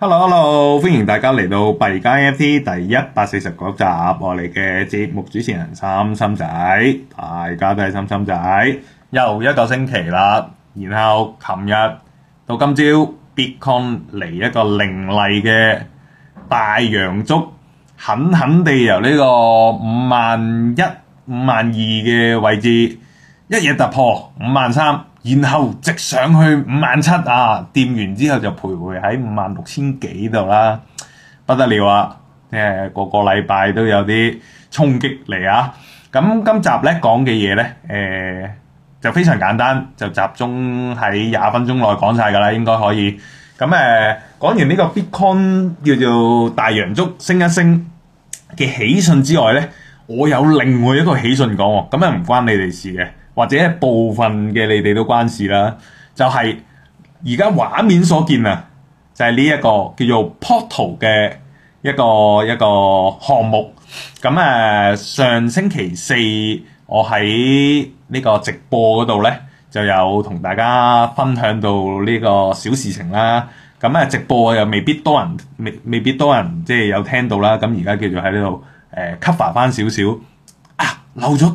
hello hello，歡迎大家嚟到幣加 NFT 第一百四十九集，我哋嘅節目主持人心心仔，大家都係心心仔，又一個星期啦，然後琴日到今朝然後直上去五萬七啊！掂完之後就徘徊喺五萬六千幾度啦，不得了啊！誒、呃、個個禮拜都有啲衝擊嚟啊！咁、嗯、今集咧講嘅嘢咧，誒、呃、就非常簡單，就集中喺廿分鐘內講晒㗎啦，應該可以。咁誒講完呢個 Bitcoin 叫做大陽燭升一升嘅喜訊之外咧，我有另外一個喜訊講、哦，咁又唔關你哋事嘅。或者部分嘅你哋都關事啦，就係而家畫面所見啊，就係、是、呢、這個、一個叫做 Portal 嘅一個一個項目。咁、嗯、誒，上星期四我喺呢個直播嗰度咧，就有同大家分享到呢個小事情啦。咁、嗯、啊，直播又未必多人，未未必多人即係有聽到啦。咁而家繼續喺呢度誒 cover 翻少少啊，漏咗。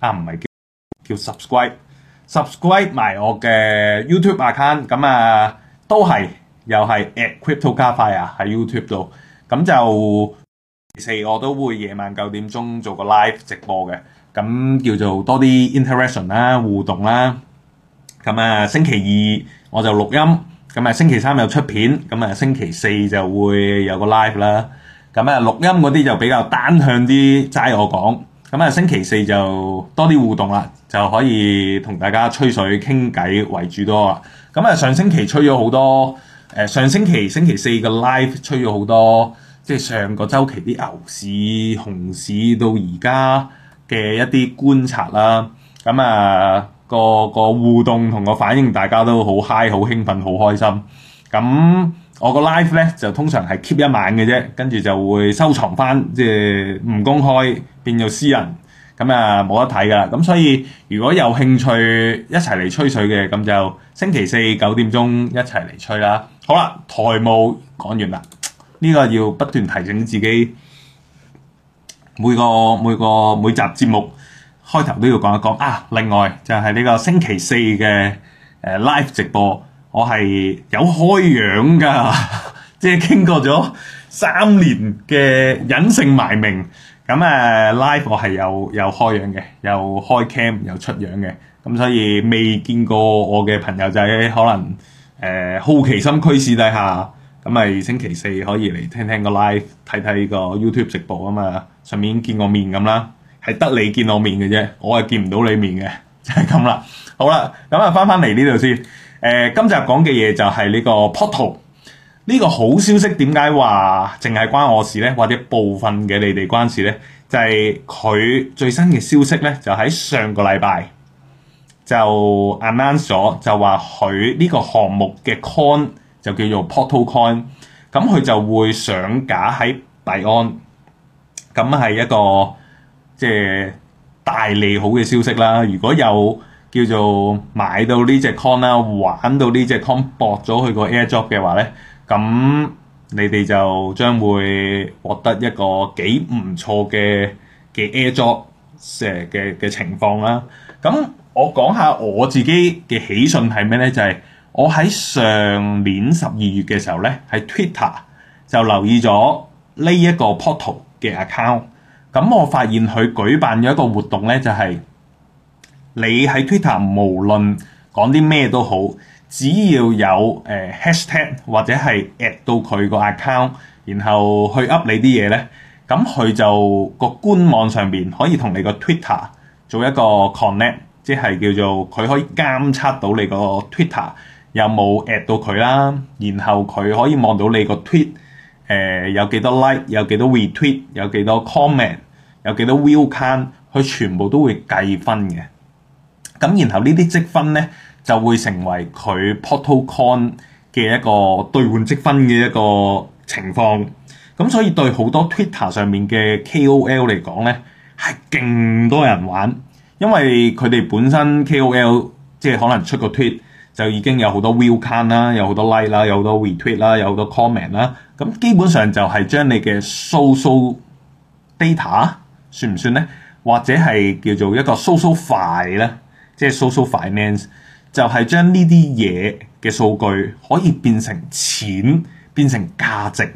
啊，唔係叫叫 subscribe，subscribe 埋我嘅 YouTube account，咁啊都係又係 at cryptokafire 啊喺 YouTube 度，咁就星期四我都會夜晚九點鐘做個 live 直播嘅，咁叫做多啲 interaction 啦、互動啦，咁啊星期二我就錄音，咁啊星期三又出片，咁啊星期四就會有個 live 啦，咁啊錄音嗰啲就比較單向啲，齋我講。咁啊，星期四就多啲互動啦，就可以同大家吹水傾偈為主多啊。咁啊，上星期吹咗好多，誒上星期星期四嘅 live 吹咗好多，即係上個週期啲牛市、熊市到而家嘅一啲觀察啦。咁、嗯、啊，個個互動同個反應，大家都好嗨、好興奮、好開心。咁、嗯我個 live 咧就通常係 keep 一晚嘅啫，跟住就會收藏翻，即係唔公開變做私人，咁啊冇得睇噶。咁所以如果有興趣一齊嚟吹水嘅，咁就星期四九點鐘一齊嚟吹啦。好啦，台務講完啦，呢個要不斷提醒自己每個每個每集節目開頭都要講一講啊。另外就係呢個星期四嘅誒 live 直播。我係有開樣㗎， 即係經過咗三年嘅隱姓埋名，咁誒、呃、live 我係有有開樣嘅，有開 cam 有出樣嘅，咁所以未見過我嘅朋友仔，可能誒、呃、好奇心驅使底下，咁咪星期四可以嚟聽聽個 live，睇睇個 YouTube 直播啊嘛、嗯，上面見個面咁啦，係得你見我面嘅啫，我係見唔到你面嘅，就係咁啦。好啦，咁啊返返嚟呢度先。誒、呃，今集講嘅嘢就係呢個 portal。呢個好消息點解話淨係關我事呢？或者部分嘅你哋關事呢？就係、是、佢最新嘅消息呢，就喺上個禮拜就 announce 咗，就話佢呢個項目嘅 coin 就叫做 portal coin。咁佢就會上架喺幣安。咁係一個即係、就是、大利好嘅消息啦。如果有叫做買到呢隻 con 啦，玩到呢隻 con 博咗佢個 air drop 嘅話咧，咁你哋就將會獲得一個幾唔錯嘅嘅 air drop 嘅嘅情況啦。咁我講下我自己嘅喜訊係咩咧？就係、是、我喺上年十二月嘅時候咧，喺 Twitter 就留意咗呢一個 portal 嘅 account。咁我發現佢舉辦咗一個活動咧，就係、是。你喺 Twitter 無論講啲咩都好，只要有誒、呃、hashtag 或者係 at 到佢個 account，然後去 up 你啲嘢咧，咁、嗯、佢就個官網上面可以同你個 Twitter 做一個 connect，即係叫做佢可以監測到你個 Twitter 有冇 at 到佢啦，然後佢可以望到你個 tweet 誒、呃、有幾多 like，有幾多 retweet，有幾多 comment，有幾多 view card，佢全部都會計分嘅。咁然後呢啲積分呢，就會成為佢 portal con 嘅一個對換積分嘅一個情況。咁所以對好多 Twitter 上面嘅 KOL 嚟講呢，係勁多人玩，因為佢哋本身 KOL 即係可能出個 tweet 就已經有好多 view can 啦，有好多 like 啦，有好多 retweet 啦，有好多 comment 啦。咁基本上就係將你嘅 social data 算唔算呢？或者係叫做一個 social 快呢？即係 social finance，就係將呢啲嘢嘅數據可以變成錢，變成價值。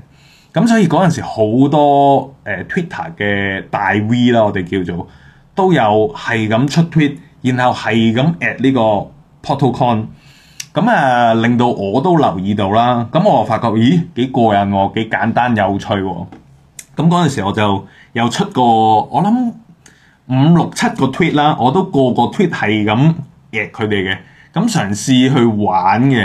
咁所以嗰陣時好多誒、呃、Twitter 嘅大 V 啦，我哋叫做都有係咁出 tweet，然後係咁 at 呢個 portal con。咁啊，令到我都留意到啦。咁我就發覺，咦，幾過癮喎，幾簡單有趣喎。咁嗰陣時我就又出過，我諗。五六七個 tweet 啦，我都個個 tweet 係咁 at 佢哋嘅，咁嘗試去玩嘅，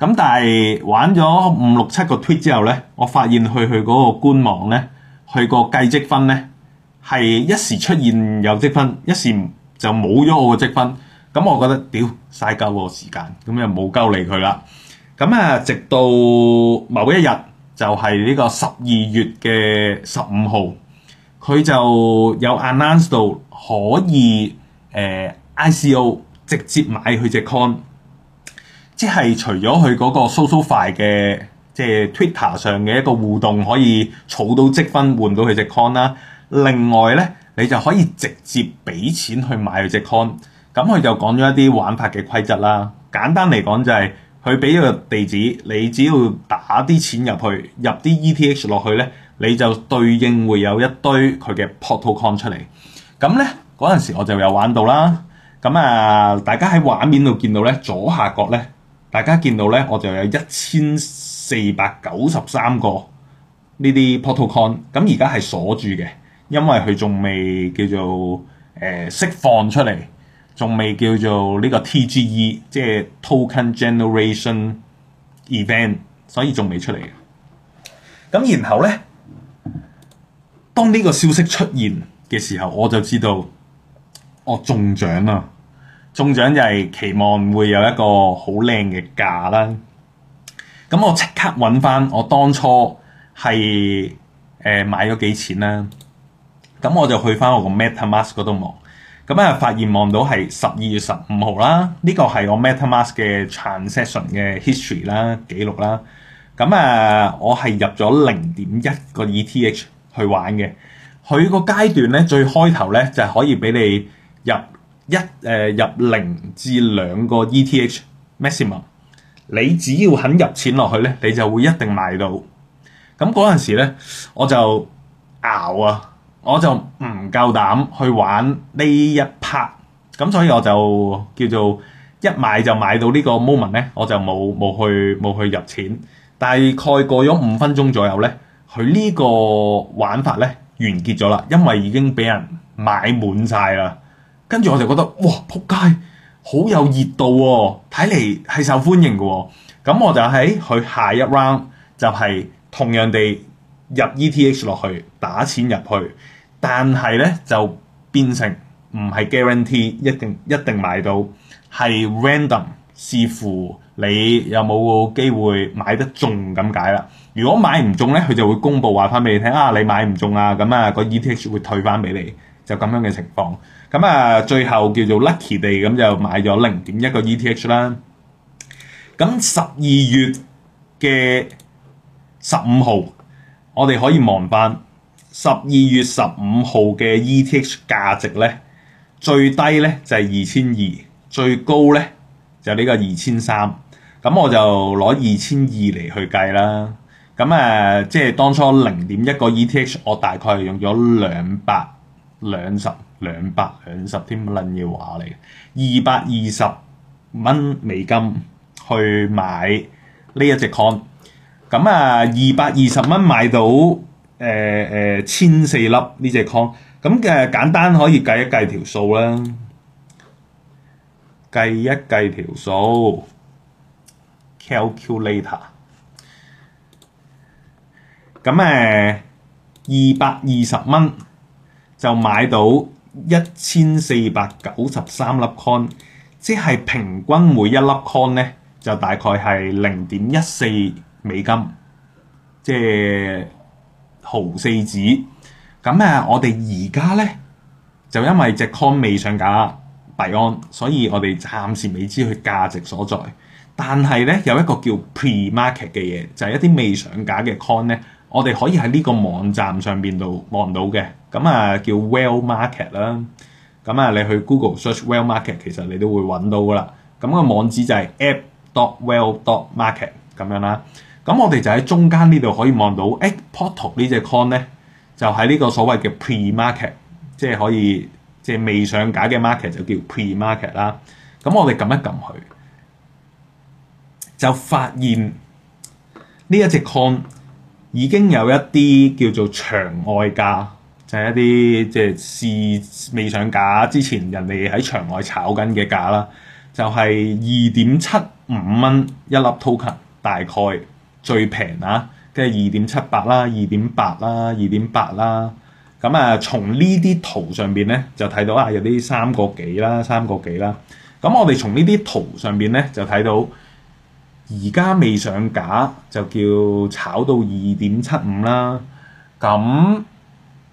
咁但係玩咗五六七個 tweet 之後呢，我發現去去嗰個官網呢，去個計積分呢，係一時出現有積分，一時就冇咗我嘅積分，咁我覺得屌嘥鳩我時間，咁又冇鳩理佢啦。咁啊，直到某一日就係、是、呢個十二月嘅十五號。佢就有 announce 到可以誒、呃、ICO 直接買佢隻 coin，即係除咗佢嗰個 SocialFi 嘅，即係 Twitter 上嘅一個互動可以儲到積分換到佢隻 coin 啦。另外咧，你就可以直接俾錢去買佢隻 coin。咁佢就講咗一啲玩法嘅規則啦。簡單嚟講就係佢俾個地址，你只要打啲錢入去，入啲 ETH 落去咧。你就對應會有一堆佢嘅 PortalCon 出嚟，咁呢，嗰陣時我就有玩到啦，咁啊大家喺畫面度見到呢左下角呢，大家見到呢，我就有一千四百九十三個呢啲 PortalCon，咁而家係鎖住嘅，因為佢仲未叫做誒、呃、釋放出嚟，仲未叫做呢個 TGE，即係 Token Generation Event，所以仲未出嚟嘅。咁然後呢。當呢個消息出現嘅時候，我就知道我中獎啦。中獎就係期望會有一個好靚嘅價啦。咁我即刻揾返我當初係誒、呃、買咗幾錢啦。咁我就去返我個 MetaMask 嗰度望，咁啊發現望到係十二月十五號啦。呢、這個係我 MetaMask 嘅 transaction 嘅 history 啦，記錄啦。咁啊，我係入咗零點一個 ETH。去玩嘅，佢個階段咧最開頭咧就係、是、可以俾你入一誒、呃、入零至兩個 ETH maximum，你只要肯入錢落去咧，你就會一定買到。咁嗰陣時咧，我就熬啊，我就唔夠膽去玩呢一 part，咁所以我就叫做一買就買到個呢個 moment 咧，我就冇冇去冇去入錢。大概過咗五分鐘左右咧。佢呢個玩法咧完結咗啦，因為已經俾人買滿晒啦。跟住我就覺得哇，撲街，好有熱度喎、哦，睇嚟係受歡迎嘅、哦。咁我就喺佢下一 round 就係同樣地入 ETH 落去打錢入去，但係咧就變成唔係 guarantee 一定一定買到，係 random，視乎你有冇機會買得中咁解啦。如果買唔中咧，佢就會公佈話翻俾你聽啊。你買唔中啊，咁啊個 ETH 會退翻俾你，就咁樣嘅情況。咁啊，最後叫做 lucky 地咁就買咗零點一個 ETH 啦。咁十二月嘅十五號，我哋可以望翻十二月十五號嘅 ETH 價值咧，最低咧就係二千二，最高咧就呢個二千三。咁我就攞二千二嚟去計啦。咁誒、啊，即係當初零點一個 ETH，我大概係用咗兩百兩十兩百二十添。a l l o 嘅話嚟，二百二十蚊美金去買呢一隻 Con。咁啊，二百二十蚊買到誒誒千四粒呢隻 Con。咁嘅簡單可以計一計條數啦，計一計條數 calculator。Cal 咁誒二百二十蚊就買到一千四百九十三粒 con，即係平均每一粒 con 咧就大概係零點一四美金，即係毫四紙。咁誒，我哋而家咧就因為隻 con 未上架幣安、ion，所以我哋暫時未知佢價值所在。但係咧有一個叫 pre market 嘅嘢，就係、是、一啲未上架嘅 con 咧，我哋可以喺呢個網站上邊度望到嘅，咁啊叫 Well Market 啦、啊，咁啊你去 Google search Well Market，其實你都會揾到噶啦。咁、個網址就係 app.dot.well.dot.market 咁樣啦、啊。咁我哋就喺中間呢度可以望到，誒 Portal 呢隻 con 咧，就喺呢個所謂嘅 pre market，即係可以即係、即係、未上架嘅 market 就叫 pre market 啦。咁我哋撳一撳佢，就發現呢一隻 con。已經有一啲叫做場外價，就係、係、一啲即係試未上架之前，人哋喺場外炒緊嘅價啦。就係二點七五蚊一粒 token，大概最平啊，跟住二點七八啦，二點八啦，二點八啦。咁啊，從呢啲圖上邊咧就睇到啊，有啲三個幾啦，三個幾啦。咁我哋從呢啲圖上邊咧就睇到。而家未上架就叫炒到二點七五啦，咁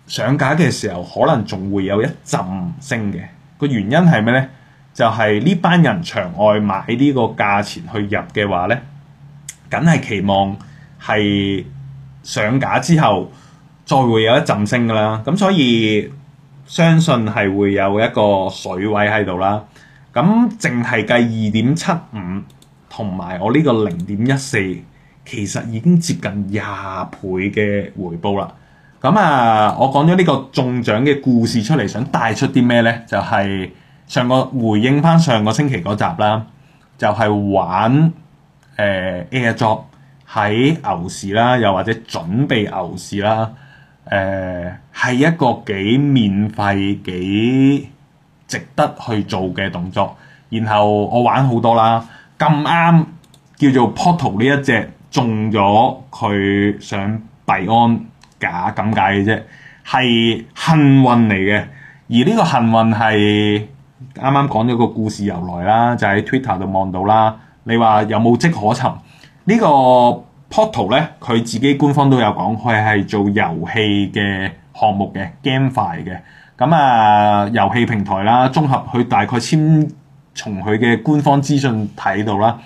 上架嘅時候可能仲會有一陣升嘅。個原因係咩呢？就係呢班人場外買呢個價錢去入嘅話呢，梗係期望係上架之後再會有一陣升噶啦。咁所以相信係會有一個水位喺度啦。咁淨係計二點七五。同埋我呢個零點一四，其實已經接近廿倍嘅回報啦。咁啊，我講咗呢個中獎嘅故事出嚟，想帶出啲咩呢？就係、是、上個回應返上個星期嗰集啦，就係、是、玩誒、呃、Airdrop 喺牛市啦，又或者準備牛市啦。誒、呃、係一個幾免費、幾值得去做嘅動作。然後我玩好多啦。咁啱叫做 Portal 呢一隻中咗佢上幣安假咁解嘅啫，係幸運嚟嘅。而呢個幸運係啱啱講咗個故事由來啦，就喺、是、Twitter 度望到啦。你話有冇跡可尋？這個、呢個 Portal 咧，佢自己官方都有講，佢係做遊戲嘅項目嘅 GameFi 嘅。咁、嗯、啊，遊戲平台啦，綜合佢大概簽。從佢嘅官方資訊睇到啦，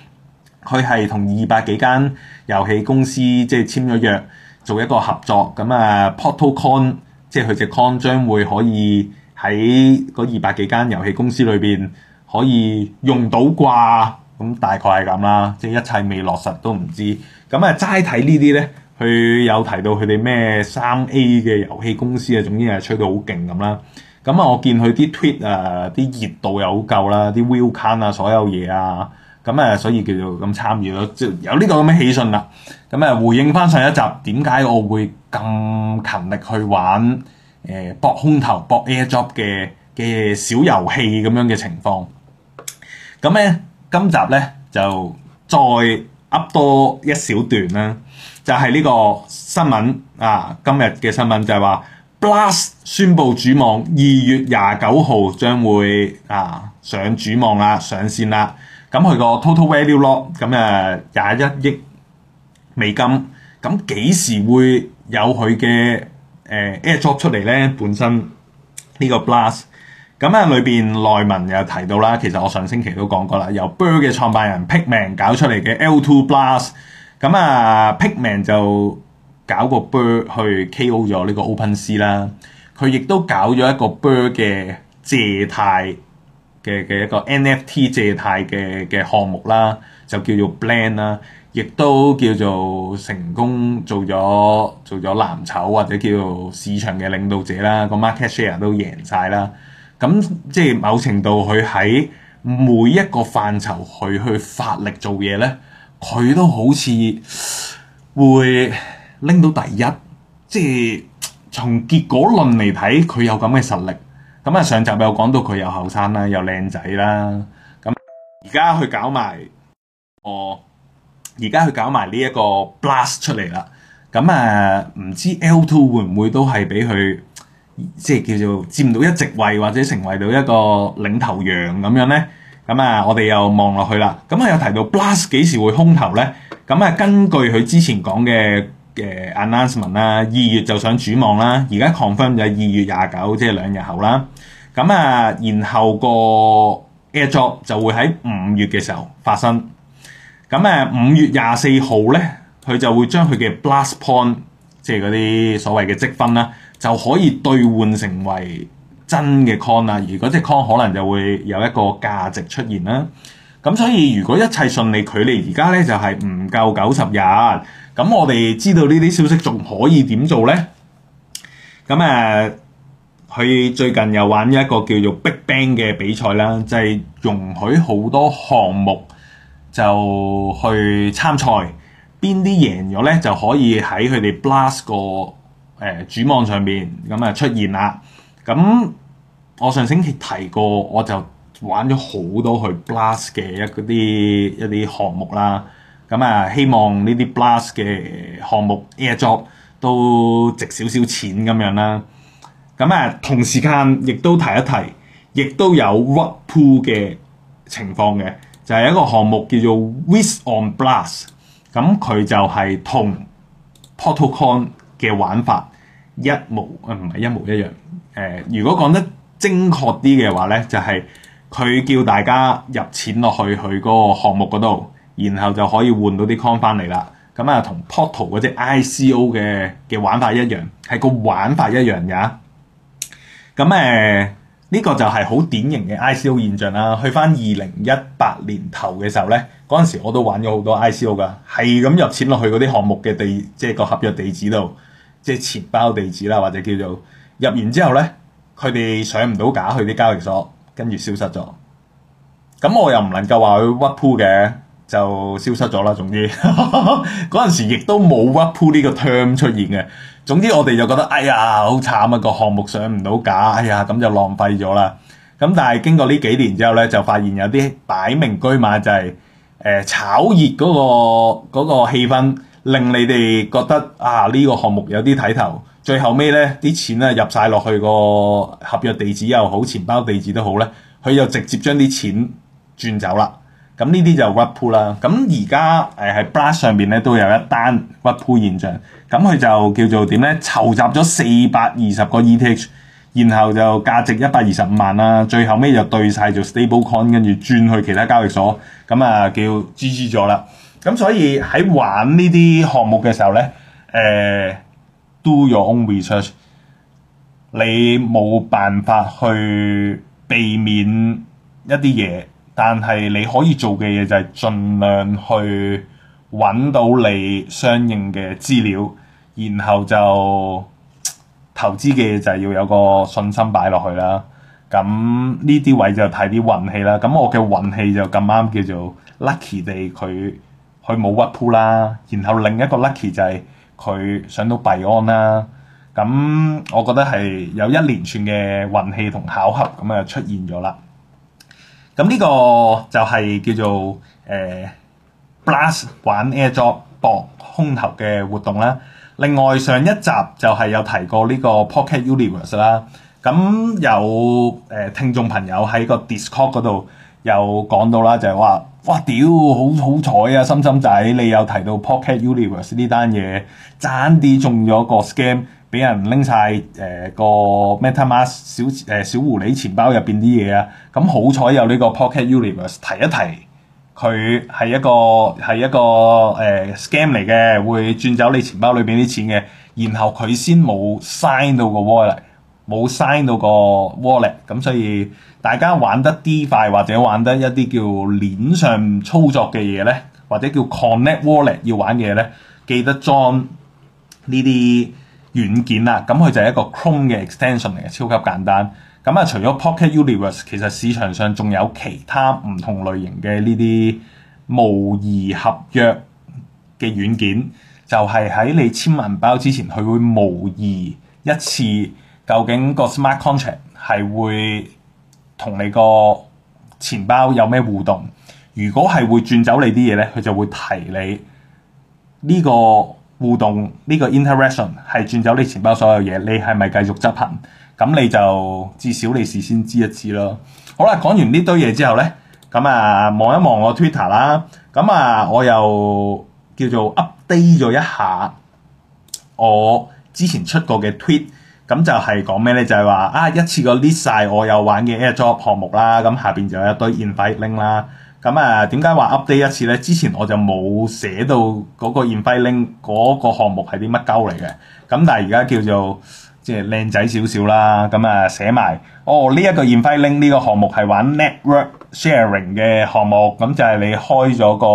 佢係同二百幾間遊戲公司即係簽咗約，做一個合作。咁啊，Portal Con 即係佢隻 Con 將會可以喺嗰二百幾間遊戲公司裏邊可以用到啩。咁大概係咁啦，即係一切未落實都唔知。咁啊，齋睇呢啲咧，佢有提到佢哋咩三 A 嘅遊戲公司啊，總之係吹到好勁咁啦。咁啊，我見佢啲 tweet 啊，啲熱度又好夠啦，啲 welcome 啊，所有嘢啊，咁誒，所以叫做咁參與咯，即有呢個咁嘅氣氛啦。咁誒，回應翻上，上一集，點解我會咁勤力去玩誒博、呃、空頭、博 airdrop 嘅嘅小遊戲咁樣嘅情況？咁咧，今集咧就再 up 多一小段啦，就係、是、呢個新聞啊，今日嘅新聞就係話。Blast 宣布主網二月廿九號將會啊上主網啦，上線啦。咁佢個 total value lock 咁啊廿一億美金。咁幾時會有佢嘅誒、呃、airdrop 出嚟咧？本身呢、這個 Blast 咁啊，裏邊內文又提到啦。其實我上星期都講過啦，由 Blur 嘅創辦人 Pacman 搞出嚟嘅 L2 Blast 咁啊 Pacman 就搞個 Blur 去 KO 咗呢個 OpenSea 啦，佢亦都搞咗一個 Blur 嘅借貸嘅嘅一個 NFT 借貸嘅嘅項目啦，就叫做 Blend 啦，亦都叫做成功做咗做咗藍籌或者叫做市場嘅領導者啦，個 market share 都贏晒啦。咁即係某程度佢喺每一個範疇去去發力做嘢咧，佢都好似會拎到第一，即係從結果論嚟睇，佢有咁嘅實力。咁啊，上集有講到佢又後生啦，又靚仔啦。咁而家去搞埋個，而家去搞埋呢一個 Blast 出嚟啦。咁啊，唔知 L2 會唔會都係俾佢，即係叫做佔到一席位，或者成為到一個領頭羊咁樣呢？咁啊，我哋又望落去啦。咁啊，又提到 Blast 幾時會空投呢？咁啊，根據佢之前講嘅。嘅 announcement 啦，二月就上主網啦，而家 confirm 就係二月廿九，即係兩日後啦。咁啊，然後個 airdrop 就會喺五月嘅時候發生。咁誒五月廿四號咧，佢就會將佢嘅 blast point，即係嗰啲所謂嘅積分啦，就可以兌換成為真嘅 con 啦。如果即係 con，可能就會有一個價值出現啦。咁所以如果一切順利距離，佢哋而家咧就係唔夠九十日。咁我哋知道呢啲消息仲可以點做呢？咁誒，佢、呃、最近又玩咗一個叫做 Big Bang 嘅比賽啦，就係、是、容許好多項目就去參賽，邊啲贏咗呢，就可以喺佢哋 Blast 個誒、呃、主網上面咁啊出現啦。咁我上星期提過，我就玩咗好多去 Blast 嘅一啲一啲項目啦。咁啊，希望呢啲 blast 嘅項目 airdrop 都值少少錢咁樣啦。咁、嗯、啊，同時間亦都提一提，亦都有 rug pull 嘅情況嘅，就係、是、一個項目叫做 Risk on Blast，嗯。咁佢就係同 portal coin 嘅玩法一模，唔係一模一樣。誒、呃，如果講得精確啲嘅話咧，就係、是、佢叫大家入錢落去佢嗰個項目嗰度。然後就可以換到啲 coin 翻嚟啦。咁啊，同 portal 嗰隻 ICO 嘅嘅玩法一樣，係個玩法一樣㗎。咁誒、啊，呢、這個就係好典型嘅 ICO 現象啦、啊。去翻二零一八年頭嘅時候咧，嗰陣時我都玩咗好多 ICO 噶，係咁入錢落去嗰啲項目嘅地，即係個合約地址度，即係錢包地址啦，或者叫做入完之後咧，佢哋上唔到架去啲交易所，跟住消失咗。咁我又唔能夠話去屈 po 嘅。就消失咗啦，總之嗰陣 時亦都冇 rug pull 呢個 term 出現嘅。總之我哋就覺得，哎呀，好慘啊、個項目上唔到架，哎呀咁就浪費咗啦。咁但係經過呢幾年之後咧，就發現有啲擺明居馬就係、是、誒、呃、炒熱嗰、那個嗰、那個、氣氛，令你哋覺得啊呢、呢個項目有啲睇頭。最後尾咧，啲錢咧入晒落去個合約地址又好，錢包地址都好咧，佢又直接將啲錢轉走啦。咁呢啲就挖 p u l 啦。咁而家誒喺 Blast 上面咧都有一單挖 p u l 現象。咁佢就叫做點咧？籌集咗四百二十個 ETH，然後就價值一百二十五萬啦。最後尾就兌晒做 stable coin，跟住轉去其他交易所。咁啊叫 g 持咗啦。咁所以喺玩呢啲項目嘅時候咧、呃、d o y on u r o w research。你冇辦法去避免一啲嘢。但係你可以做嘅嘢就係盡量去揾到你相應嘅資料，然後就投資嘅嘢就係要有個信心擺落去啦。咁呢啲位就睇啲運氣啦。咁我嘅運氣就咁啱叫做 lucky 地佢佢冇屈 po 啦。然後另一個 lucky 就係佢上到幣安啦。咁我覺得係有一連串嘅運氣同巧合咁啊出現咗啦。咁呢個就係叫做誒 Blast 玩 AirDrop 爆空投嘅活動啦。另外上一集就係有提過呢個 Pocket Universe 啦。咁、嗯、有誒、呃、聽眾朋友喺個 Discord 嗰度有講到啦，就係、是、話哇屌好好彩啊！心心仔你有提到 Pocket Universe 呢單嘢，爭啲中咗個 scam。俾人拎晒誒個 MetaMask 小誒、呃、小狐狸錢包入邊啲嘢啊！咁、嗯、好彩有呢個 Pocket Universe 提一提，佢係一個係一個誒、呃、scam 嚟嘅，會轉走你錢包裏邊啲錢嘅。然後佢先冇 sign 到個 wallet，冇 sign 到個 wallet、嗯。咁所以大家玩得啲快或者玩得一啲叫鏈上操作嘅嘢咧，或者叫 connect wallet 要玩嘅嘢咧，記得裝呢啲。軟件啦，咁佢就係一個 Chrome 嘅 extension 嚟嘅，超級簡單。咁、嗯、啊，除咗 Pocket Universe，其實市場上仲有其他唔同類型嘅呢啲模擬合約嘅軟件，就係、是、喺你簽銀包之前，佢會模擬一次究竟個 smart contract 係會同你個錢包有咩互動。如果係會轉走你啲嘢咧，佢就會提你呢、這個。互動呢、這個 interaction 係轉走你錢包所有嘢，你係咪繼續執行？咁你就至少你事先知一知咯。好啦，講完呢堆嘢之後咧，咁啊望一望我 Twitter 啦，咁啊我又叫做 update 咗一下我之前出過嘅 tweet，咁就係講咩咧？就係、是、話啊一次過 list 曬我有玩嘅 airdrop 項目啦，咁下邊就有一堆 invite link 啦。咁啊，點解話 update 一次咧？之前我就冇寫到嗰個 invite link 嗰個項目係啲乜鳩嚟嘅。咁但係而家叫做即係靚仔少少啦。咁啊寫埋哦，呢、這、一個 invite link 呢個項目係玩 network sharing 嘅項目。咁就係你開咗個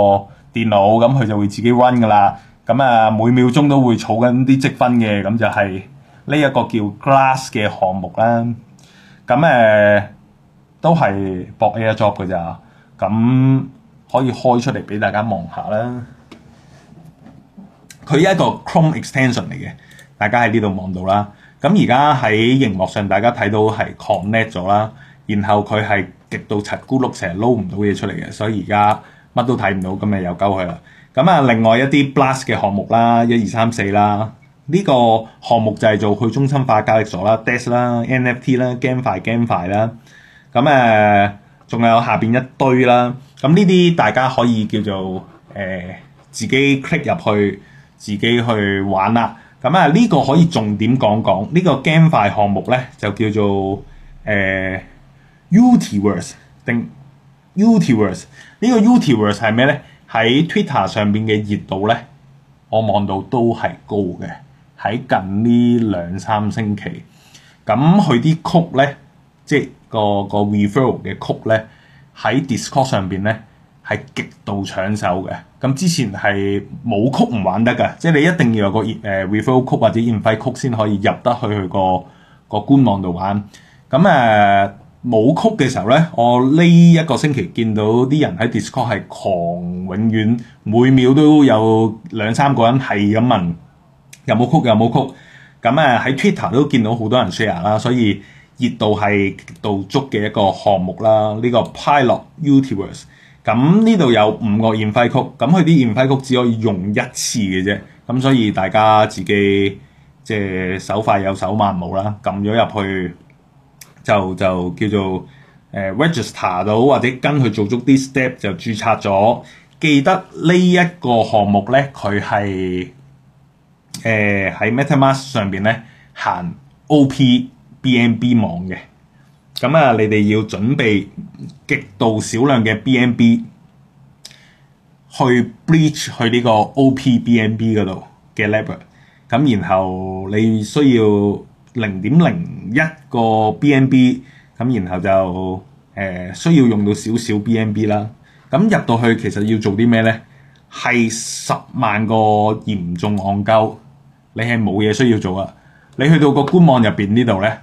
電腦，咁佢就會自己 run 噶啦。咁啊每秒鐘都會儲緊啲積分嘅。咁就係呢一個叫 Glass 嘅項目啦。咁誒、啊、都係博 air job 噶咋～咁可以開出嚟俾大家望下啦。佢一個 Chrome extension 嚟嘅，大家喺呢度望到啦。咁而家喺熒幕上，大家睇到係 connect 咗啦。然後佢係極度柒咕碌，成日撈唔到嘢出嚟嘅，所以而家乜都睇唔到。咁咪又鳩佢啦。咁啊，另外一啲 Blast 嘅項目啦，一二三四啦，呢個項目就係做去中心化交易所啦 Desk 啦，NFT 啦，GameFi GameFi 啦。咁誒。仲有下邊一堆啦，咁呢啲大家可以叫做誒、呃、自己 click 入去，自己去玩啦。咁啊呢個可以重點講講，呢、這個 GameFi 項目咧就叫做誒、呃、Utuverse 定 Utuverse。這個、呢個 Utuverse 係咩咧？喺 Twitter 上邊嘅熱度咧，我望到都係高嘅。喺近呢兩三星期，咁佢啲曲咧。即係個個 referral 嘅曲咧，喺 Discord 上邊咧係極度搶手嘅。咁之前係冇曲唔玩得㗎，即係你一定要有個誒 referral 曲或者 invite 曲先可以入得去佢個個官網度玩。咁誒冇曲嘅時候咧，我呢一個星期見到啲人喺 Discord 係狂，永遠每秒都有兩三個人係咁問有冇曲，有冇曲。咁誒喺 Twitter 都見到好多人 share 啦，所以。熱度係度足嘅一個項目啦，呢、這個 Pilot Utiverse 咁呢度有五個免費曲，咁佢啲免費曲只可以用一次嘅啫。咁所以大家自己即係手快有手慢冇啦，撳咗入去就就叫做誒、呃、register 到或者跟佢做足啲 step 就註冊咗。記得呢一個項目咧，佢係誒喺、呃、MetaMask 上邊咧行 OP。BNB 網嘅，咁啊，你哋要準備極度少量嘅 BNB 去 bleach 去呢個 opBNB 嗰度嘅 level，咁然後你需要零點零一個 BNB，咁然後就誒、呃、需要用到少少 BNB 啦。咁入到去其實要做啲咩咧？係十萬個嚴重戇鳩，你係冇嘢需要做啊！你去到個官網入邊呢度咧？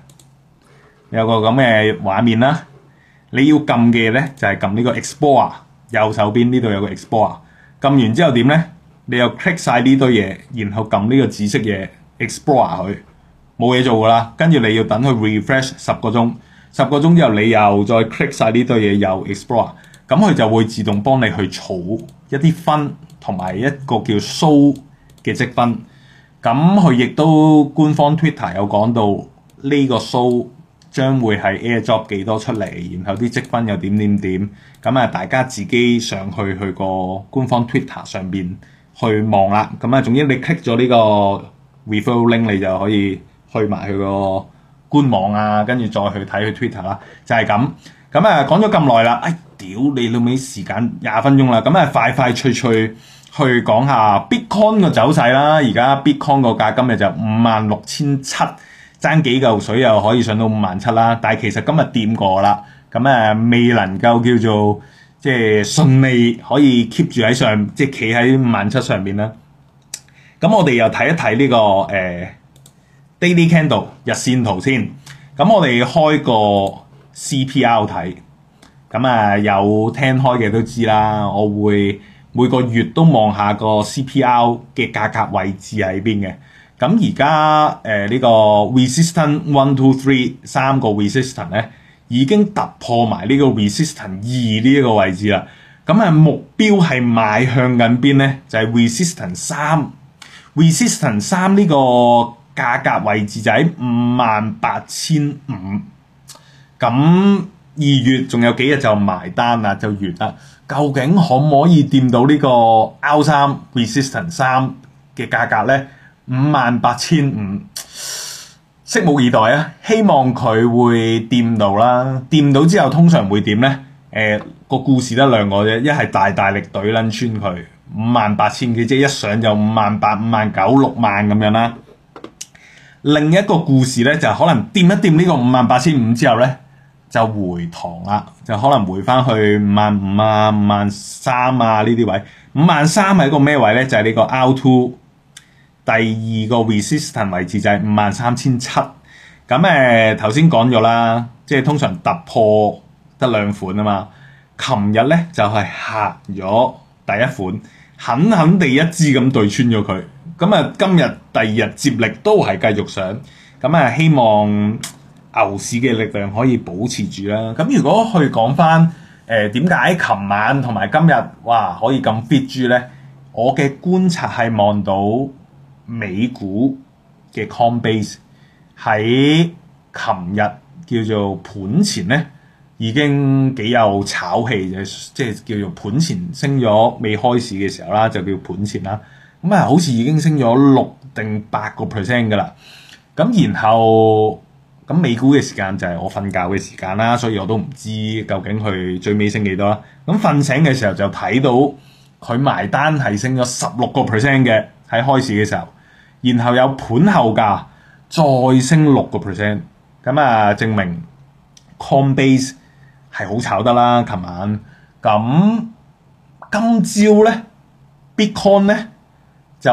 有個咁嘅畫面啦，你要撳嘅咧就係撳呢個 Explorer 右手邊呢度有個 Explorer，撳完之後點咧？你又 click 曬呢堆嘢，然後撳呢個紫色嘢 Explorer，佢冇嘢做㗎喇。跟住你要等佢 refresh 十個鐘，十個鐘之後你又再 click 曬呢堆嘢又 Explorer，咁佢就會自動幫你去儲一啲分同埋一個叫 show 嘅積分。咁佢亦都官方 Twitter 有講到呢個 show。將會係 AirDrop 幾多出嚟，然後啲積分又點點點，咁啊大家自己上去去個官方 Twitter 上邊去望啦。咁啊，總之你 click 咗呢個 referral link 你就可以去埋佢個官網啊，跟住再去睇佢 Twitter 啦。就係咁。咁啊講咗咁耐啦，哎屌你老味時間廿分鐘啦，咁啊快快脆脆去講下 Bitcoin 嘅走勢啦。而家 Bitcoin 個價今日就五萬六千七。爭幾嚿水又可以上到五萬七啦，但係其實今日掂過啦，咁誒、啊、未能夠叫做即係順利可以 keep 住喺上，即係企喺五萬七上邊啦。咁我哋又睇一睇呢、這個誒、呃、daily candle 日線圖先。咁我哋開個 CPR 睇，咁啊有聽開嘅都知啦。我會每個月都望下個 CPR 嘅價格位置喺邊嘅。咁而家誒，呢個 resistance one two three 三個 resistance，咧已經突破埋呢個 resistance 二呢一個位置啦。咁啊，目標係邁向緊邊咧？就係 resistance 三，resistance 三呢個價格位置就喺五萬八千五。咁二月仲有幾日就埋單啦，就完啦。究竟可唔可以掂到呢個 R 三 resistance 三嘅價格咧？五萬八千五，拭目以待啊！希望佢會掂到啦，掂到之後通常會點呢？誒、呃、個故事得兩個啫，一係大大力懟撚穿佢五萬八千幾，即係一上就五萬八、五萬九、六萬咁樣啦、啊。另一個故事呢，就可能掂一掂呢個五萬八千五之後呢，就回堂啦，就可能回翻去五萬五啊、五萬三啊呢啲位。五萬三係一個咩位呢？就係、是、呢個 out 第二個 resistance 位置就係五萬三千七咁，誒，頭先講咗啦，即係通常突破得兩款啊嘛。琴日咧就係嚇咗第一款，狠狠地一支咁對穿咗佢。咁啊，今日第二日接力都係繼續上，咁啊，希望牛市嘅力量可以保持住啦。咁如果去講翻，誒點解琴晚同埋今日哇可以咁 fit 住咧，我嘅觀察係望到。美股嘅 Coinbase 喺琴日叫做盤前咧，已經幾有炒氣嘅，即係叫做盤前升咗，未開市嘅時候啦，就叫盤前啦。咁啊，好似已經升咗六定八個 percent 噶啦。咁然後咁美股嘅時間就係我瞓覺嘅時間啦，所以我都唔知究竟佢最尾升幾多啦。咁瞓醒嘅時候就睇到佢埋單係升咗十六個 percent 嘅，喺開市嘅時候。然後有盤後價再升六個 percent，咁啊證明 Coinbase 係好炒得啦。琴晚咁今朝咧，Bitcoin 咧就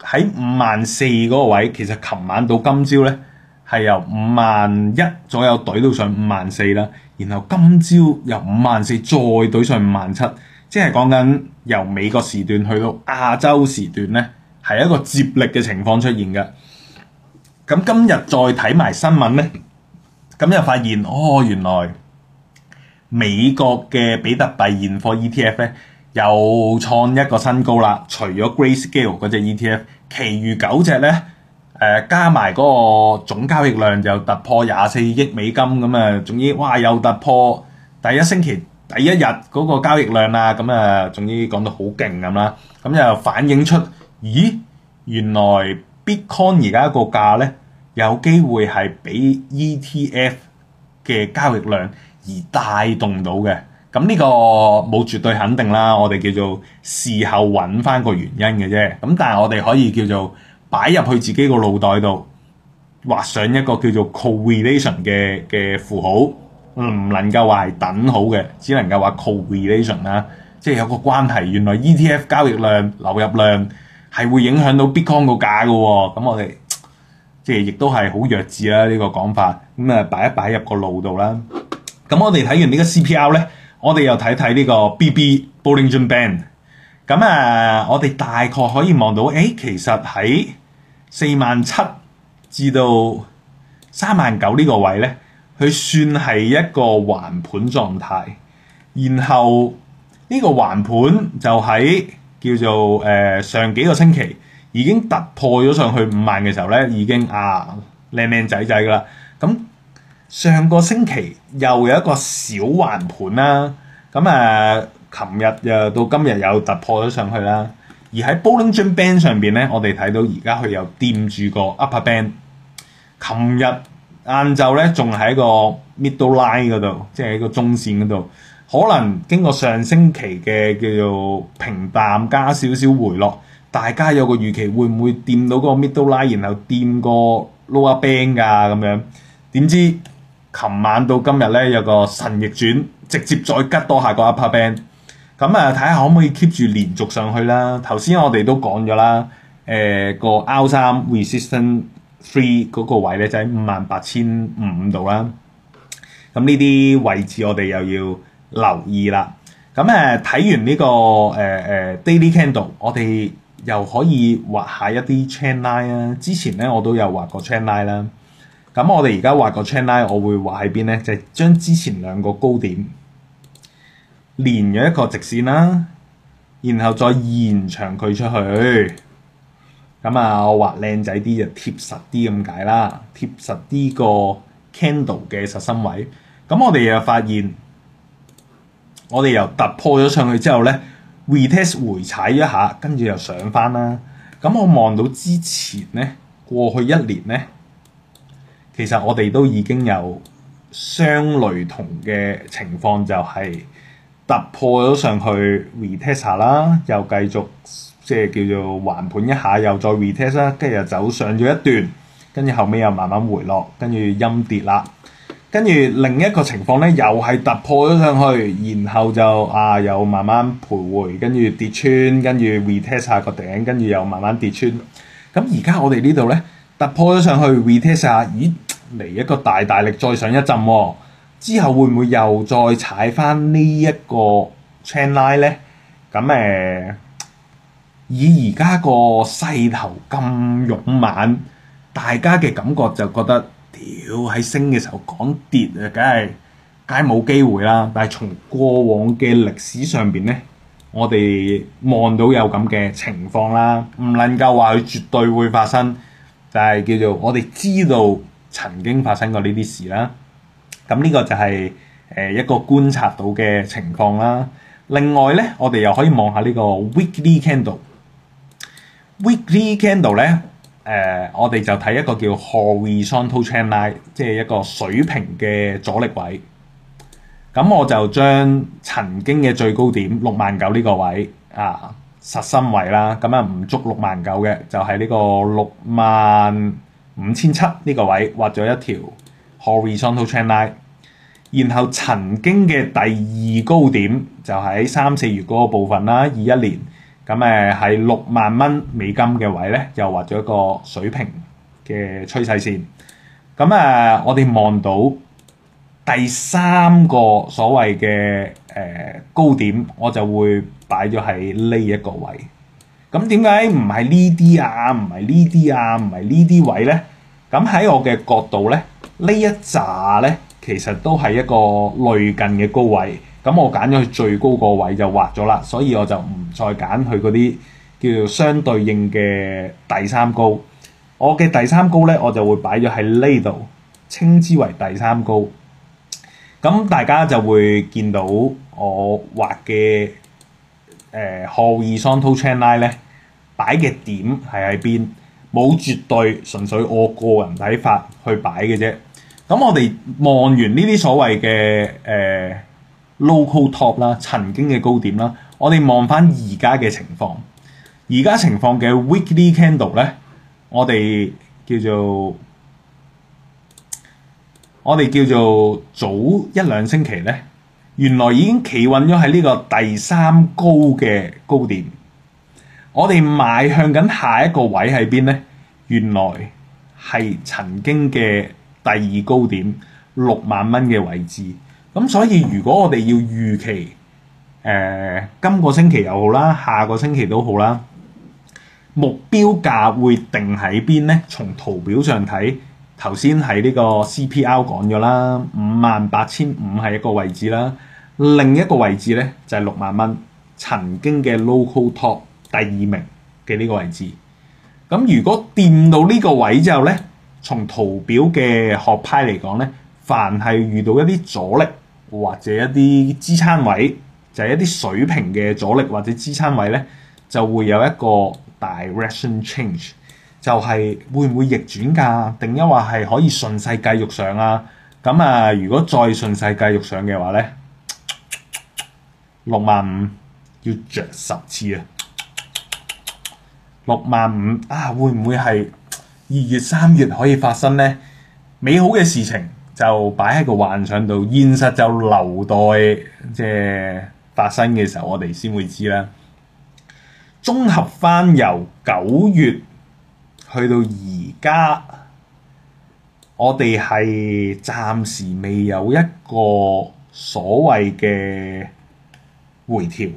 喺五萬四嗰個位，其實琴晚到今朝咧係由五萬一左右懟到上五萬四啦。然後今朝由五萬四再懟上五萬七，即係講緊由美國時段去到亞洲時段咧。係一個接力嘅情況出現嘅。咁今日再睇埋新聞呢，咁又發現哦，原來美國嘅比特幣現貨 ETF 呢又創一個新高啦。除咗 Grayscale 嗰隻 ETF，其餘九隻呢誒、呃、加埋嗰個總交易量就突破廿四億美金咁啊。總之，哇，又突破第一星期第一日嗰個交易量啦。咁啊，總之講到好勁咁啦，咁又反映出。咦，原來 Bitcoin 而家個價咧，有機會係畀 ETF 嘅交易量而帶動到嘅。咁、這、呢個冇絕對肯定啦，我哋叫做事後揾翻個原因嘅啫。咁但係我哋可以叫做擺入去自己個腦袋度，畫上一個叫做 correlation 嘅嘅符號，唔能夠話係等號嘅，只能夠話 correlation 啦，ation，即係有個關係。原來 ETF 交易量流入量。係會影響到 Bitcoin 個價嘅喎、哦，咁我哋即係亦都係好弱智啦、啊、呢、這個講法，咁啊擺一擺入個腦度啦。咁我哋睇完呢個 CPR 咧，我哋又睇睇呢個 BB Bollinger Band。咁啊，我哋大概可以望到，誒，其實喺四萬七至到三萬九呢個位咧，佢算係一個橫盤狀態。然後呢個橫盤就喺。叫做誒、呃、上幾個星期已經突破咗上去五萬嘅時候咧，已經啊靚靚仔仔噶啦。咁上個星期又有一個小橫盤啦。咁誒，琴、呃、日又到今日又突破咗上去啦。而喺 Bollinger Band 上邊咧，我哋睇到而家佢又掂住個 Upper Band。琴日晏晝咧，仲喺個 Middle Line 嗰度，即係喺個中線嗰度。可能經過上星期嘅叫做平淡加少少回落，大家有個預期會唔會掂到嗰個 middle line，然後掂個 lower band 噶、啊、咁樣？點知琴晚到今日咧，有個神逆轉，直接再吉多下個 upper band。咁啊睇下可唔可以 keep 住連續上去啦？頭先我哋都講咗啦，誒、呃、個 R3 resistance 3嗰個位咧，就喺五萬八千五度啦。咁呢啲位置我哋又要～留意啦，咁誒睇完呢、這個誒誒、呃呃、daily candle，我哋又可以畫下一啲 channel line 啊。之前咧我都有畫過 channel line 啦、啊，咁我哋而家畫個 channel line，我會畫喺邊咧？就係、是、將之前兩個高點連咗一個直線啦、啊，然後再延長佢出去。咁啊，我畫靚仔啲就貼實啲咁解啦，貼實啲個 candle 嘅實心位。咁我哋又發現。我哋又突破咗上去之後咧 retest 回踩一下，跟住又上返啦。咁我望到之前咧，過去一年咧，其實我哋都已經有相類同嘅情況，就係突破咗上去 retest 啦，又繼續即係叫做橫盤一下，又再 retest 啦，跟住又走上咗一段，跟住後尾又慢慢回落，跟住陰跌啦。跟住另一個情況咧，又係突破咗上去，然後就啊，又慢慢徘徊。跟住跌穿，跟住 retest 下個頂，跟住又慢慢跌穿。咁而家我哋呢度咧，突破咗上去 retest 下，咦嚟一個大大力再上一浸，哦，之後會唔會又再踩返呢一個 channel line 咧？咁、嗯、誒、嗯，以而家個勢頭咁勇猛，大家嘅感覺就覺得。屌，喺升嘅時候講跌啊，梗係梗係冇機會啦。但係從過往嘅歷史上邊咧，我哋望到有咁嘅情況啦，唔能夠話佢絕對會發生，但係叫做我哋知道曾經發生過呢啲事啦。咁呢個就係、是、誒、呃、一個觀察到嘅情況啦。另外咧，我哋又可以望下呢個 weekly candle，weekly candle 咧。誒，uh, 我哋就睇一個叫 horizontal trend line，即係一個水平嘅阻力位。咁我就將曾經嘅最高點六萬九呢個位啊，實心位啦。咁啊，唔足六萬九嘅，就係、是、呢個六萬五千七呢個位畫咗一條 horizontal trend line。然後曾經嘅第二高點就喺三四月嗰個部分啦，二一年。咁誒係六萬蚊美金嘅位咧，又畫咗一個水平嘅趨勢線。咁誒，我哋望到第三個所謂嘅誒高點，我就會擺咗喺呢一個位。咁點解唔係呢啲啊？唔係呢啲啊？唔係呢啲位咧？咁喺我嘅角度咧，一呢一紮咧，其實都係一個類近嘅高位。咁我揀咗佢最高個位就畫咗啦，所以我就唔再揀佢嗰啲叫做相對應嘅第三高。我嘅第三高咧，我就會擺咗喺呢度，稱之為第三高。咁大家就會見到我畫嘅誒後二雙套 channel 咧擺嘅點係喺邊？冇絕對，純粹我個人睇法去擺嘅啫。咁我哋望完呢啲所謂嘅誒。呃 local top 啦，曾經嘅高點啦，我哋望翻而家嘅情況，而家情況嘅 weekly candle 咧，我哋叫做我哋叫做早一兩星期咧，原來已經企穩咗喺呢個第三高嘅高點，我哋邁向緊下一個位喺邊咧？原來係曾經嘅第二高點六萬蚊嘅位置。咁所以如果我哋要預期，誒、呃、今個星期又好啦，下個星期都好啦，目標價會定喺邊呢？從圖表上睇，頭先喺呢個 CPR 講咗啦，五萬八千五係一個位置啦。另一個位置呢，就係、是、六萬蚊，曾經嘅 local top 第二名嘅呢個位置。咁如果掂到呢個位之後呢，從圖表嘅學派嚟講呢，凡係遇到一啲阻力。或者一啲支撐位，就係一啲水平嘅阻力或者支撐位咧，就會有一個 direction change，就係會唔會逆轉㗎？定抑或係可以順勢繼續上啊？咁啊，如果再順勢繼續上嘅話咧，六萬五要着十次啊！六萬五啊，會唔會係二月三月可以發生咧？美好嘅事情。就擺喺個幻想度，現實就留待即係發生嘅時候，我哋先會知啦。綜合翻由九月去到而家，我哋係暫時未有一個所謂嘅回調，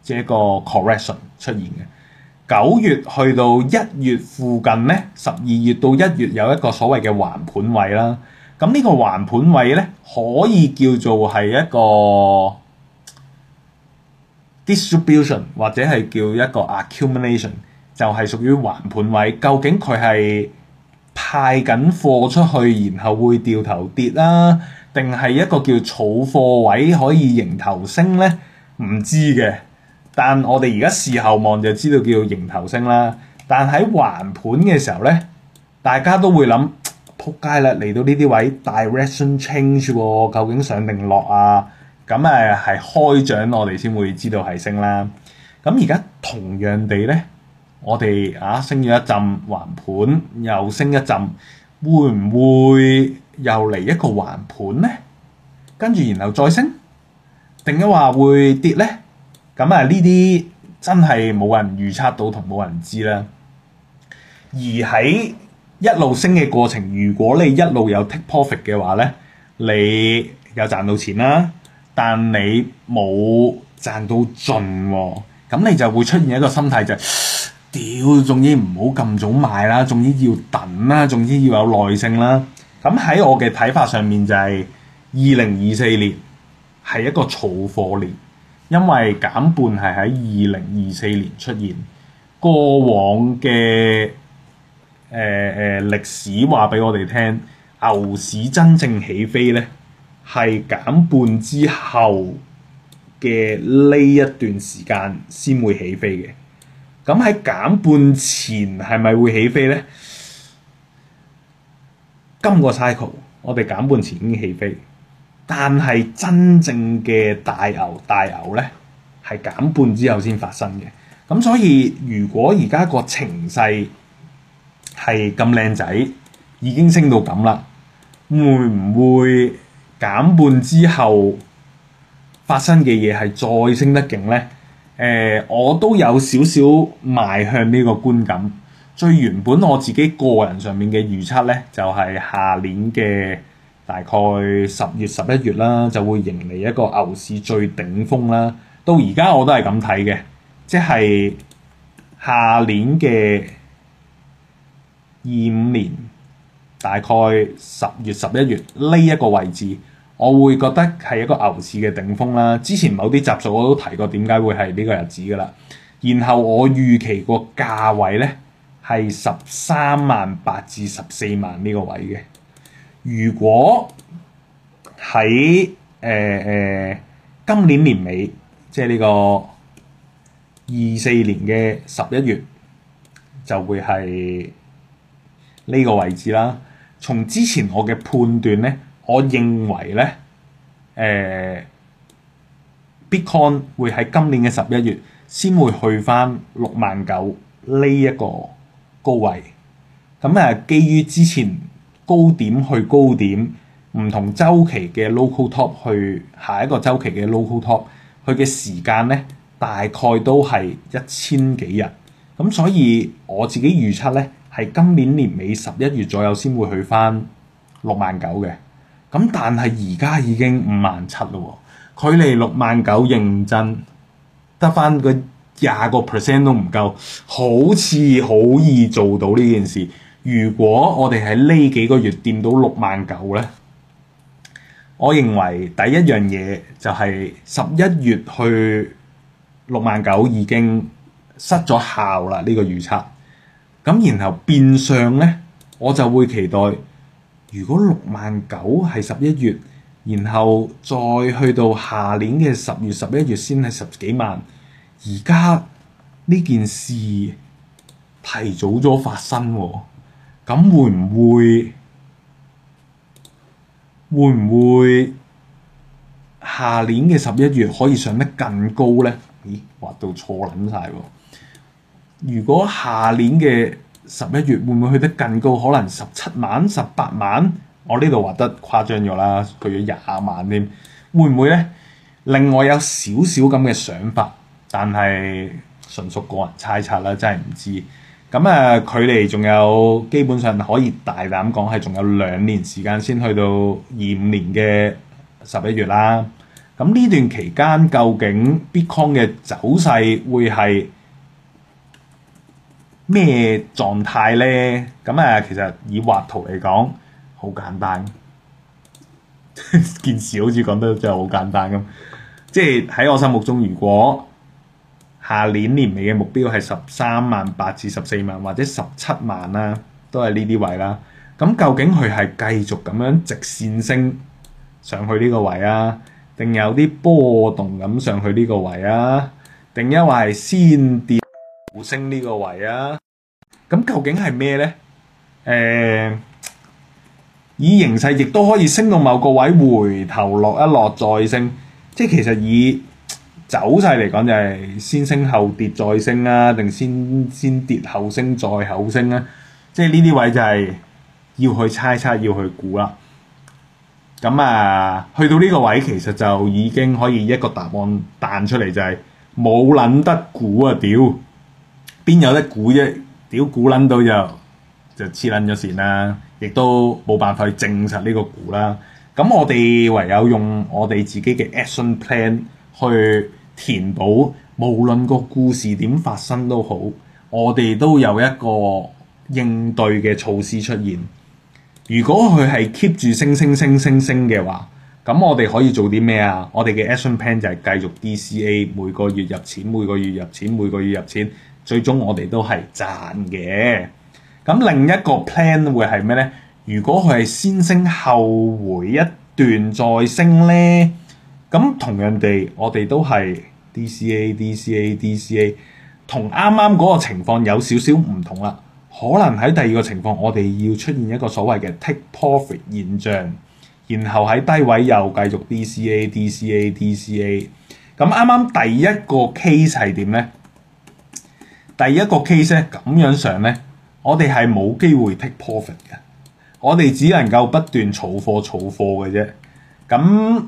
即一個 correction 出現嘅。九月去到一月附近咧，十二月到一月有一個所謂嘅橫盤位啦。咁呢個橫盤位咧，可以叫做係一個 distribution，或者係叫一個 accumulation，就係屬於橫盤位。究竟佢係派緊貨出去，然後會掉頭跌啦，定係一個叫儲貨位可以迎頭升咧？唔知嘅，但我哋而家事後望就知道叫迎頭升啦。但喺橫盤嘅時候咧，大家都會諗。仆街啦！嚟到呢啲位 direction change 喎，哦，究竟上定落啊？咁誒係開獎，我哋先會知道係升啦。咁而家同樣地咧，我哋啊升咗一陣橫盤，又升一陣，會唔會又嚟一個橫盤咧？跟住然後再升，定係話會跌咧？咁啊呢啲真係冇人預測到同冇人知啦。而喺一路升嘅過程，如果你一路有 take profit 嘅話咧，你有賺到錢啦，但你冇賺到盡喎，咁你就會出現一個心態就係，屌，總之唔好咁早買啦，總之要等啦，總之要有耐性啦。咁喺我嘅睇法上面就係，二零二四年係一個儲貨年，因為減半係喺二零二四年出現，過往嘅。誒誒、呃，歷史話俾我哋聽，牛市真正起飛呢係減半之後嘅呢一段時間先會起飛嘅。咁喺減半前係咪會起飛呢？今個 cycle 我哋減半前已經起飛，但係真正嘅大牛大牛呢係減半之後先發生嘅。咁所以如果而家個情勢，係咁靚仔，已經升到咁啦，會唔會減半之後發生嘅嘢係再升得勁呢？誒、呃，我都有少少邁向呢個觀感。最原本我自己個人上面嘅預測呢，就係、是、下年嘅大概十月十一月啦，就會迎嚟一個牛市最頂峰啦。到而家我都係咁睇嘅，即係下年嘅。二五年大概十月十一月呢一個位置，我會覺得係一個牛市嘅頂峰啦。之前某啲集數我都提過，點解會係呢個日子噶啦。然後我預期個價位呢，係十三萬八至十四萬呢個位嘅。如果喺誒誒今年年尾，即係呢個二四年嘅十一月就會係呢個位置啦，從之前我嘅判斷咧，我認為咧，誒、呃、Bitcoin 會喺今年嘅十一月先會去翻六萬九呢一個高位。咁、嗯、啊，基於之前高點去高點，唔同週期嘅 local top 去下一個週期嘅 local top，佢嘅時間咧大概都係一千幾日。咁、嗯、所以我自己預測咧。係今年年尾十一月左右先會去翻六萬九嘅，咁但係而家已經五萬七咯，距離六萬九認真得翻個廿個 percent 都唔夠，好似好易做到呢件事。如果我哋喺呢幾個月掂到六萬九呢，我認為第一樣嘢就係十一月去六萬九已經失咗效啦，呢個預測。咁然後變相呢，我就會期待，如果六萬九係十一月，然後再去到下年嘅十月十一月先係十幾萬。而家呢件事提早咗發生喎，咁會唔會會唔會下年嘅十一月可以上得更高呢？咦，畫到錯撚曬喎！如果下年嘅十一月會唔會去得更高？可能十七萬、十八萬，我呢度話得誇張咗啦，去咗廿萬添，會唔會呢？令我有少少咁嘅想法，但係純屬個人猜測啦，真係唔知。咁啊，距離仲有，基本上可以大膽講係仲有兩年時間先去到二五年嘅十一月啦。咁呢段期間，究竟 Bitcoin 嘅走勢會係咩狀態咧？咁啊，其實以畫圖嚟講好簡單 件事好似講得真係好簡單咁，即係喺我心目中，如果下年年尾嘅目標係十三萬八至十四萬或者十七萬啦，都係呢啲位啦。咁究竟佢係繼續咁樣直線升上去呢個位啊？定有啲波動咁上去呢個位啊？定因為係先跌？升呢個位啊，咁究竟係咩呢？誒，以形勢亦都可以升到某個位，回頭落一落再升，即係其實以走勢嚟講就係、是、先升後跌，再升啊，定先先跌後升再後升咧、啊？即係呢啲位就係要去猜測，要去估啦。咁啊，去到呢個位其實就已經可以一個答案彈出嚟、就是，就係冇撚得估啊！屌！邊有得估啫？屌估撚到就就黐撚咗線啦！亦都冇辦法去證實呢個估啦。咁我哋唯有用我哋自己嘅 action plan 去填補，無論個故事點發生都好，我哋都有一個應對嘅措施出現。如果佢係 keep 住升升升升升嘅話，咁我哋可以做啲咩啊？我哋嘅 action plan 就係繼續 DCA，每個月入錢，每個月入錢，每個月入錢。最終我哋都係賺嘅。咁另一個 plan 會係咩咧？如果佢係先升後回一段再升咧，咁同樣哋我哋都係 DCA DCA DCA，同啱啱嗰個情況有少少唔同啦。可能喺第二個情況，我哋要出現一個所謂嘅 take profit 現象，然後喺低位又繼續 DCA DCA DCA。咁啱啱第一個 case 係點咧？第一個 case 咧，咁樣上咧，我哋係冇機會 take profit 嘅，我哋只能夠不斷儲貨儲貨嘅啫。咁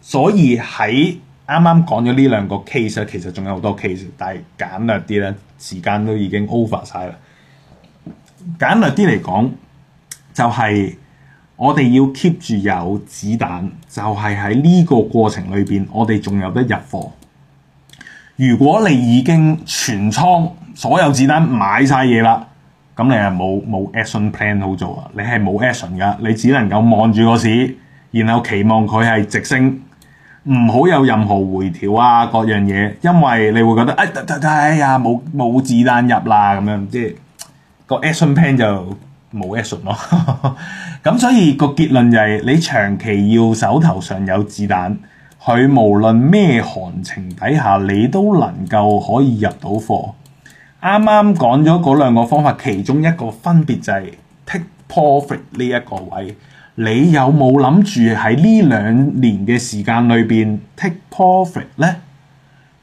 所以喺啱啱講咗呢兩個 case，其實仲有好多 case，但係簡略啲咧，時間都已經 over 晒啦。簡略啲嚟講，就係、是、我哋要 keep 住有子彈，就係喺呢個過程裏邊，我哋仲有得入貨。如果你已經全倉所有子彈買曬嘢啦，咁你係冇冇 action plan 好做啊？你係冇 action 噶你只能夠望住個市，然後期望佢係直升，唔好有任何回調啊各樣嘢，因為你會覺得哎呀冇冇子彈入啦咁樣，即係個 action plan 就冇 action 咯。咁所以個結論就係你長期要手頭上有子彈。佢無論咩行情底下，你都能夠可以入到貨。啱啱講咗嗰兩個方法，其中一個分別就係 take profit 呢一個位。你有冇諗住喺呢兩年嘅時間裏面 take profit 呢？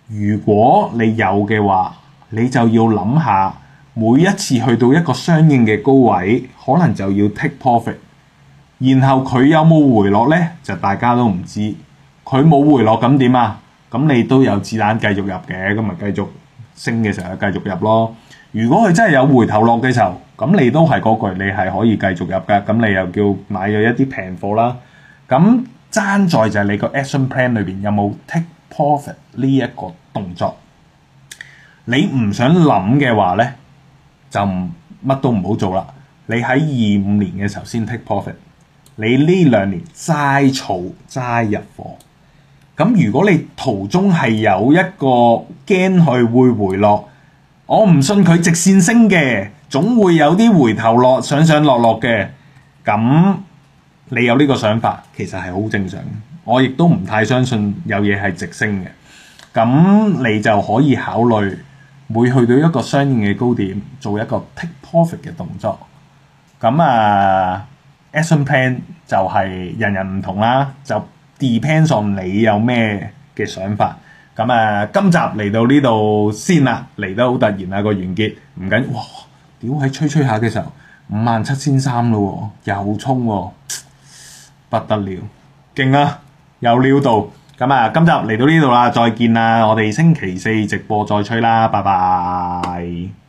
如果你有嘅話，你就要諗下每一次去到一個相應嘅高位，可能就要 take profit。然後佢有冇回落呢？就大家都唔知。佢冇回落咁點啊？咁你都有子彈繼續入嘅，咁咪繼續升嘅時候繼續入咯。如果佢真係有回頭落嘅時候，咁你都係嗰句，你係可以繼續入㗎。咁你又叫買咗一啲平貨啦。咁爭在就係你個 action plan 裏邊有冇 take profit 呢一個動作？你唔想諗嘅話咧，就乜都唔好做啦。你喺二五年嘅時候先 take profit，你呢兩年齋儲齋入貨。咁如果你途中係有一個驚佢會回落，我唔信佢直線升嘅，總會有啲回頭落、上上落落嘅。咁你有呢個想法，其實係好正常。我亦都唔太相信有嘢係直升嘅。咁你就可以考慮每去到一個相應嘅高點，做一個 take profit 嘅動作。咁啊 action plan 就係人人唔同啦，就。Depends on 你有咩嘅想法，咁啊，今集嚟到呢度先啦，嚟得好突然啊，這個完結唔緊，哇，屌喺吹吹下嘅時候五萬七千三咯喎，又衝喎，不得了，勁啊，有料到，咁啊，今集嚟到呢度啦，再見啦，我哋星期四直播再吹啦，拜拜。